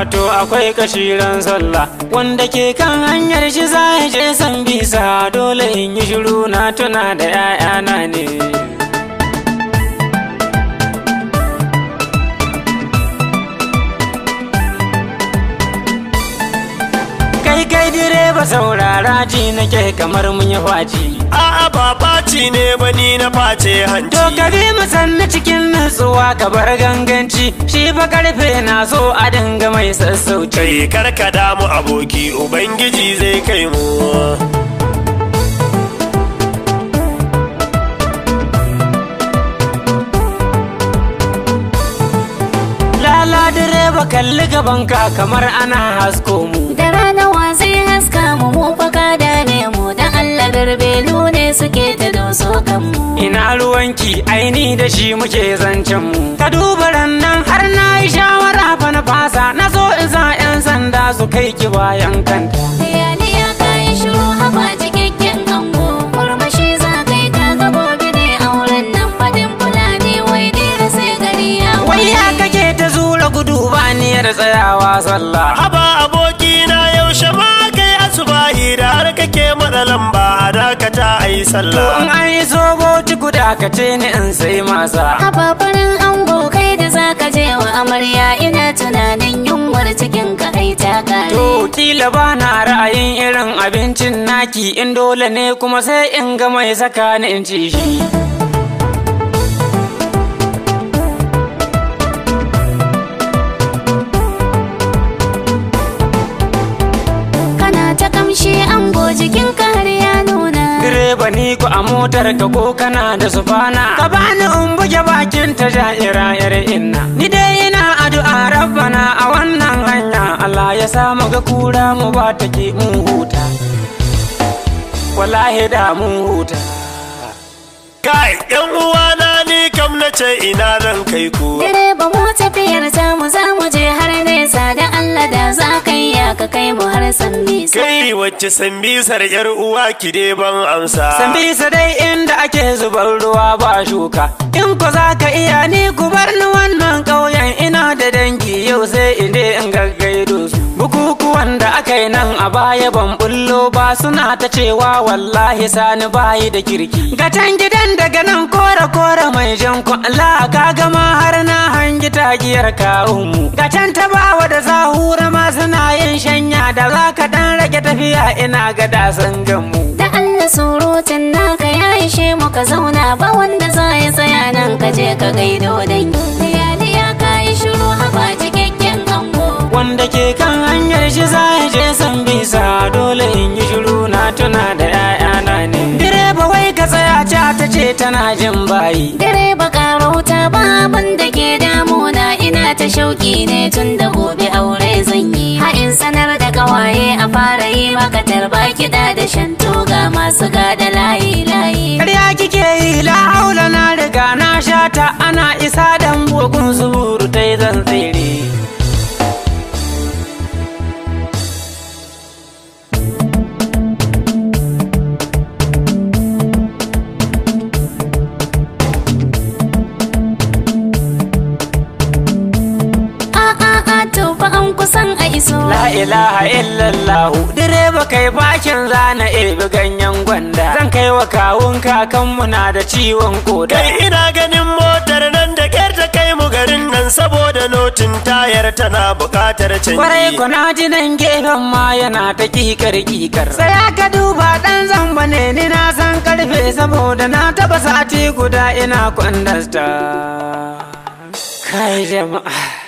wato akwai kashiran sallah wanda ke kan hanyar shi za je san bisa dole in yi shiru na tuna da 'ya'yana ne direba saurara ji nake kamar mun yi faci a'a ba faci ne ba ni na face hanci to ka bi mu sanna cikin nutsuwa ka bar ganganci shi ba karfe na so a dinga mai sassauci kai karkada damu aboki ubangiji zai kai mu kalli gaban ka kamar ana hasko mu. Da rana mu fakada ne mu da Allah garbelu ne suke ta doso mu. Ina ki? aini da shi muke zancen mu. Ka duba rannan har na yi shawara fa na na zo iza 'yan sanda su kai ki bayan kanta. Yaliya ka yi shiru haba cikakken kanmu. Kurmashi za kai ta ne auren nan fadin fulani wai dira sai gari ya. Wai ya kake ta zura gudu Bani ya da tsayawa sallah. sallah in an yi zobo ci guda ka ce ni in sai masa kafafarin ango kai da zaka je wa amarya ina tunanin yunwar cikin ka ai ta kare to kila ba na ra'ayin irin abincin naki in dole ne kuma sai in ga mai saka ni in ci shi bani ni ku a motar ka ko kana da sufana ka bani in buge bakin ta ja'ira yar inna ni dai ina addu'a rabbana a wannan hanya Allah ya sa mu ga kura mu ba ta ke mun huta wallahi da mun huta kai yan na ni kam na ce ina ran kai ku direba mu tafiyar ta mu za mu je har nesa da Allah da za ka yi ka kai mu Kai wacce sambisar yar uwa ki dai ban amsa. Sambisa dai inda ake zubar ruwa ba shuka. In ku za ka iya ni ku bar ni wannan ƙauyen ina da dangi yau sai in dai in gaggaido su. Bukukuwan da aka yi nan a baya ban bullo ba suna ta cewa wallahi sani bayi da kirki. Gatan gidan daga nan kora kora mai jan ku ka gama har na hangi tagiyar mu. Gatan ta bawa da da za ka dan rage tafiya ina ga dasan gamu da Allah surutun naka ya ishe mu ka zauna ba wanda za ya tsaya nan ka je ka gaido da ni. liya ya kai shiru haba cikakken kango wanda ke kan hanyar shi za ya je san bisa dole in yi shiru na tuna da 'ya'yana ne direba wai ka tsaya ca ta ce tana jin bayi direba karauta ba abin da ke na ina ta shauki ne tun da gobe aure zai makatar ba kiɗa da shanto toga masu gada layi layi. Ƙarya kike yi la so la ilaha illallah direba kai bakin zana ebi ganyen gwanda zan kai wa kawun kakanmu na da ciwon koda kai ina ganin motar nan da kyar ta kai mu garin nan saboda notin tayar tana bukatar canji kwarai kuna jinan nan gefen ma yana ta kikar kikar tsaya ka duba dan zamba ne ni na san karfe saboda na taba sati guda ina kwandasta kai jama'a